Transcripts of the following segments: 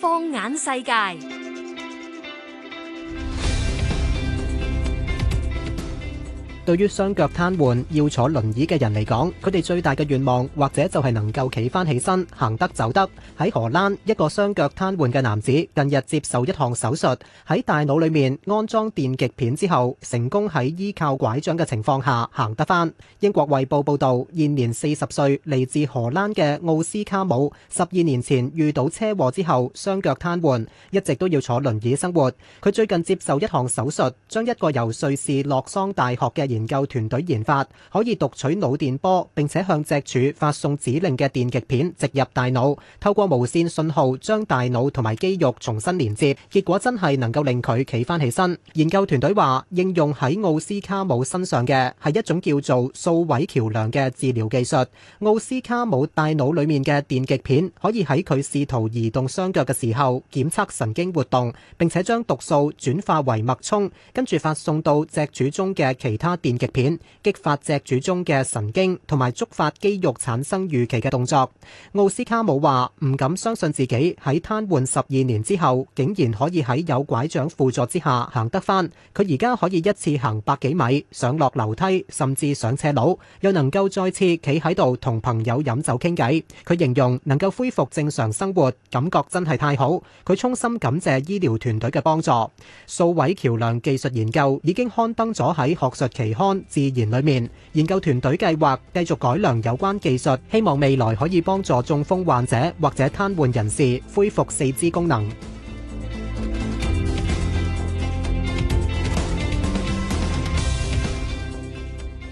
放眼世界。對於雙腳癱瘓要坐輪椅嘅人嚟講，佢哋最大嘅願望或者就係能夠企翻起身，行得走得。喺荷蘭，一個雙腳癱瘓嘅男子近日接受一項手術，喺大腦裡面安裝電極片之後，成功喺依靠拐杖嘅情況下行得翻。英國《衛報》報道，現年四十歲嚟自荷蘭嘅奧斯卡姆，十二年前遇到車禍之後雙腳癱瘓，一直都要坐輪椅生活。佢最近接受一項手術，將一個由瑞士洛桑大學嘅研研究團隊研發可以讀取腦電波，並且向脊柱發送指令嘅電極片植入大腦，透過無線信號將大腦同埋肌肉重新連接。結果真係能夠令佢企返起身。研究團隊話，應用喺奧斯卡姆身上嘅係一種叫做數橋“數位橋梁”嘅治療技術。奧斯卡姆大腦裡面嘅電極片可以喺佢試圖移動雙腳嘅時候檢測神經活動，並且將讀數轉化為脈衝，跟住發送到脊柱中嘅其他。電極片激發脊柱中嘅神經，同埋觸發肌肉產生預期嘅動作。奧斯卡姆話唔敢相信自己喺癱瘓十二年之後，竟然可以喺有拐杖輔助之下行得翻。佢而家可以一次行百幾米、上落樓梯，甚至上斜路，又能夠再次企喺度同朋友飲酒傾偈，佢形容能夠恢復正常生活，感覺真係太好。佢衷心感謝醫療團隊嘅幫助。數位橋樑技術研究已經刊登咗喺學術期康自然裏面，研究團隊計劃繼續改良有關技術，希望未來可以幫助中風患者或者癱瘓人士恢復四肢功能。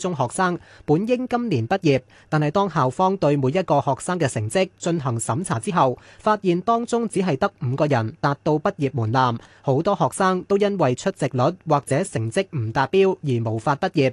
中學生本應今年畢業，但係當校方對每一個學生嘅成績進行審查之後，發現當中只係得五個人達到畢業門檻，好多學生都因為出席率或者成績唔達標而無法畢業。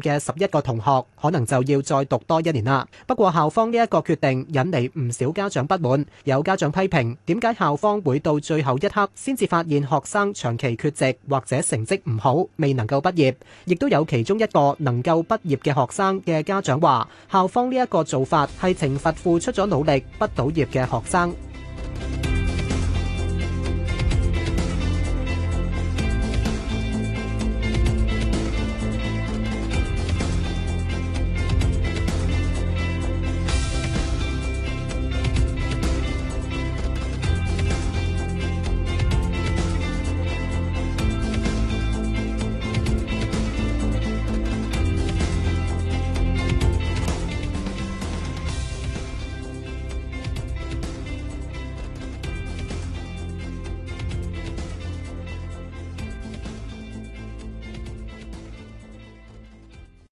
嘅十一個同學可能就要再讀多一年啦。不過校方呢一個決定引嚟唔少家長不滿，有家長批評點解校方會到最後一刻先至發現學生長期缺席或者成績唔好，未能夠畢業。亦都有其中一個能夠畢業嘅學生嘅家長話，校方呢一個做法係懲罰付出咗努力不到業嘅學生。